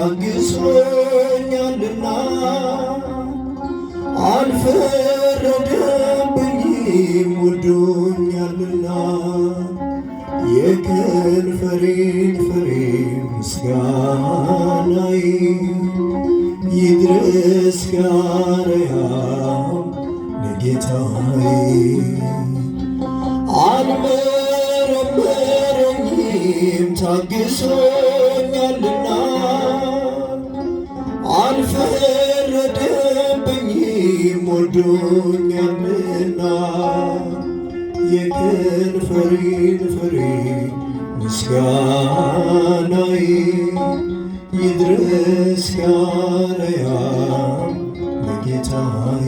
ታግሶኛልና አልፈረደብኝም ወዶኛልና የከንፈሬን ፍሬ ምስጋናዬ ይድረስ ለጌታዬ አልመረመረኝም ታግሶኛልና አልፈረደብኝም ወዶኛልና የቀን ፍሬን ፍሬ ምስጋናዬ ይድረስ ያለያ ለጌታዬ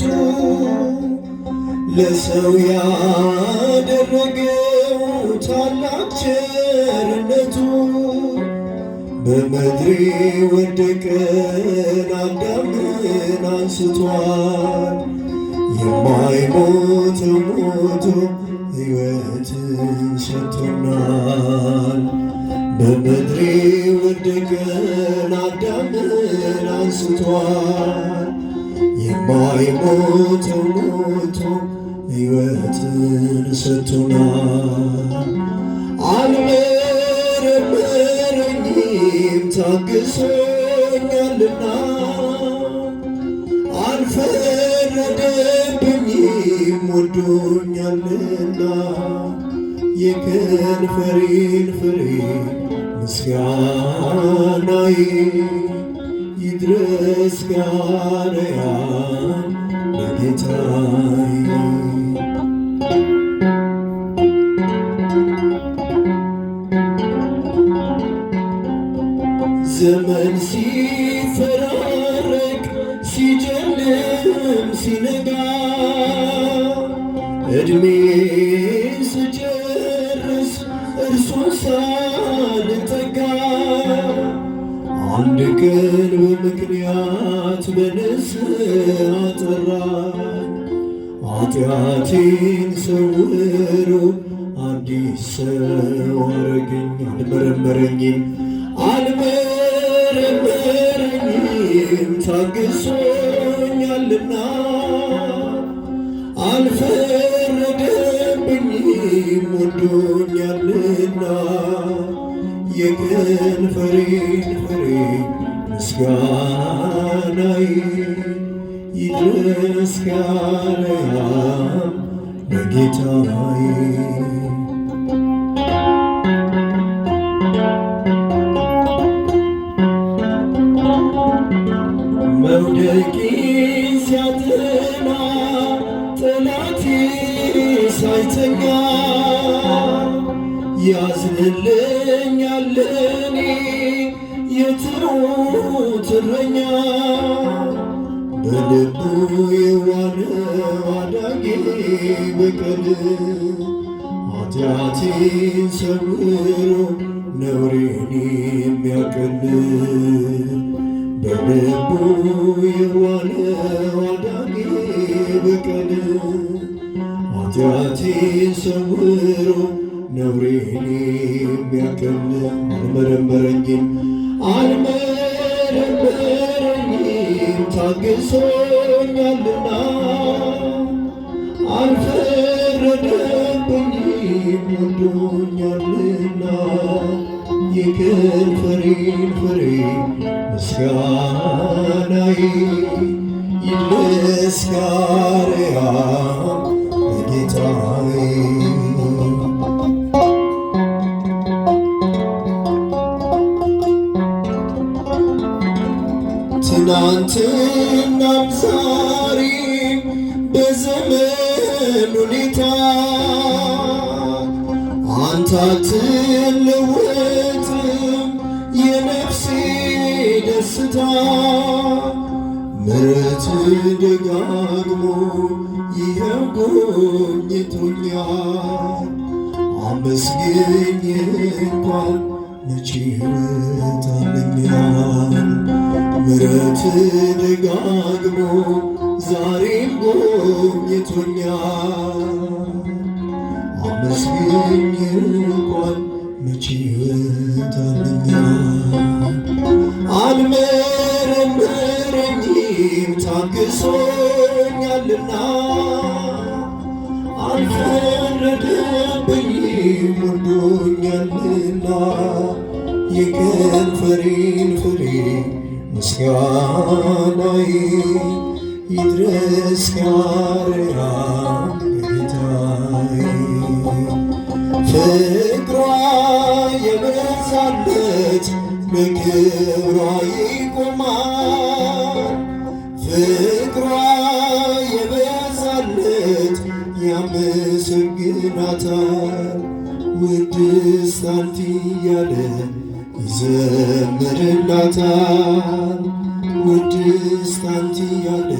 ፊቱ ለሰው ያደረገው ታላቅ ቸርነቱ በምድሪ ወደቀን አዳምን አንስቷል። የማይሞት ሞቱ ሕይወትን ሰጥቶናል። በምድሪ ወደቀን አዳምን አንስቷል። የሞቱ ሞቱ ሕይወትን ሰጥቶናል። አልመረመረኝም ታግሶኛልና አልፈረደብኝም ወዶኛልና የከንፈሬን ፍሬ ምስጋናዬ ይድረስ ጋርያ በጌታዬ ዘመን ሲፈራረቅ ሲጨልም ሲነጋ እድሜ በፍቅር በምክንያት በንስሐ ጠራኝ። ኃጢአቴን ሰውሮ አዲስ ሰው አረገኝ። አልመረመረኝም አልመረመረኝም ታግሶኛልና አልፈ ይድረስ ምስጋና ለጌታዬ መውደቄን ሲያጠና ጠላቴ ሳይተኛ ያዝንልኛል የትሩ በልቡ የዋለ አዳጊ በቀል ኃጢአቴን ሰምሮ ነውሬን የሚያቀል በልቡ የዋለ አዳጊ በቀል ኃጢአቴን ሰምሮ ነውሬን የሚያቀል አልመረመረኝም አልመረመረኝም ታግሶኛልና አልፈረደብኝም ወዶኛልና ይቅር ፍሬን ፍሬ ምስጋናዬ ይድረስ ካርያም ትናንትናም ዛሬ በዘመን ሁኔታ አንተ አትለወጥም የነፍሴ ደስታ ምሕረትህ ደጋግሞ ይኸው ጎብኝቶኛል አመስግኜ እንኳን መቼ ረታለኛል ምረት ደጋግሞ ዛሬም ጎብኝቶኛል። አመስግኝ እንኳን መቼ ይወጣልኛል። አልመረመረኝም ታግሶኛልና፣ አልፈረደብኝም ወዶኛልና የከንፈሬን ፍሬ ምስጋናዬ ይድረስ ያሬራ ጌታዬ ፍቅሯ የበዛለት በክብሯ ይቆማል ፍቅሯ የበዛለት ያመሰግናታል ይዘምርላታል ቅድስት አንቺ እያለ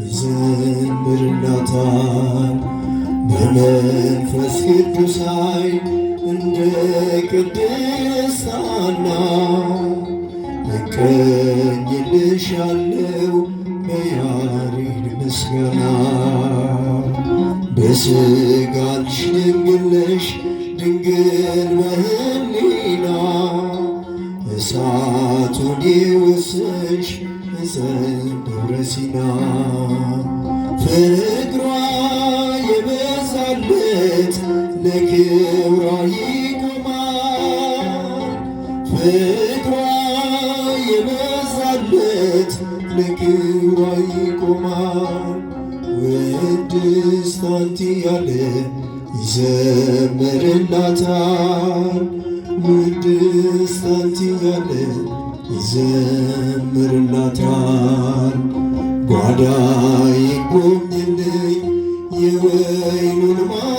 ይዘምርላታል በመንፈስ ቅዱስ እንደ ቅድስት ሐና እቀኝልሻለሁ በያሬድ ምስጋና ድንግል ነሽ ድንግል ደብረ ሲና ፍቅሯ የበዛለት ለክብሯ ይቆማል። ፍቅሯ የበዛለት ለክብሯ ይቆማል። ወድስታንቲ ያለ ይዘመርላታል ወድስታንቲ ያለ ይዘምርላታል ጓዳ ይጎብኝልኝ የወይኑን